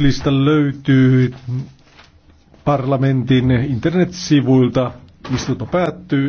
Lista löytyy parlamentin internetsivuilta. Istunto päättyy.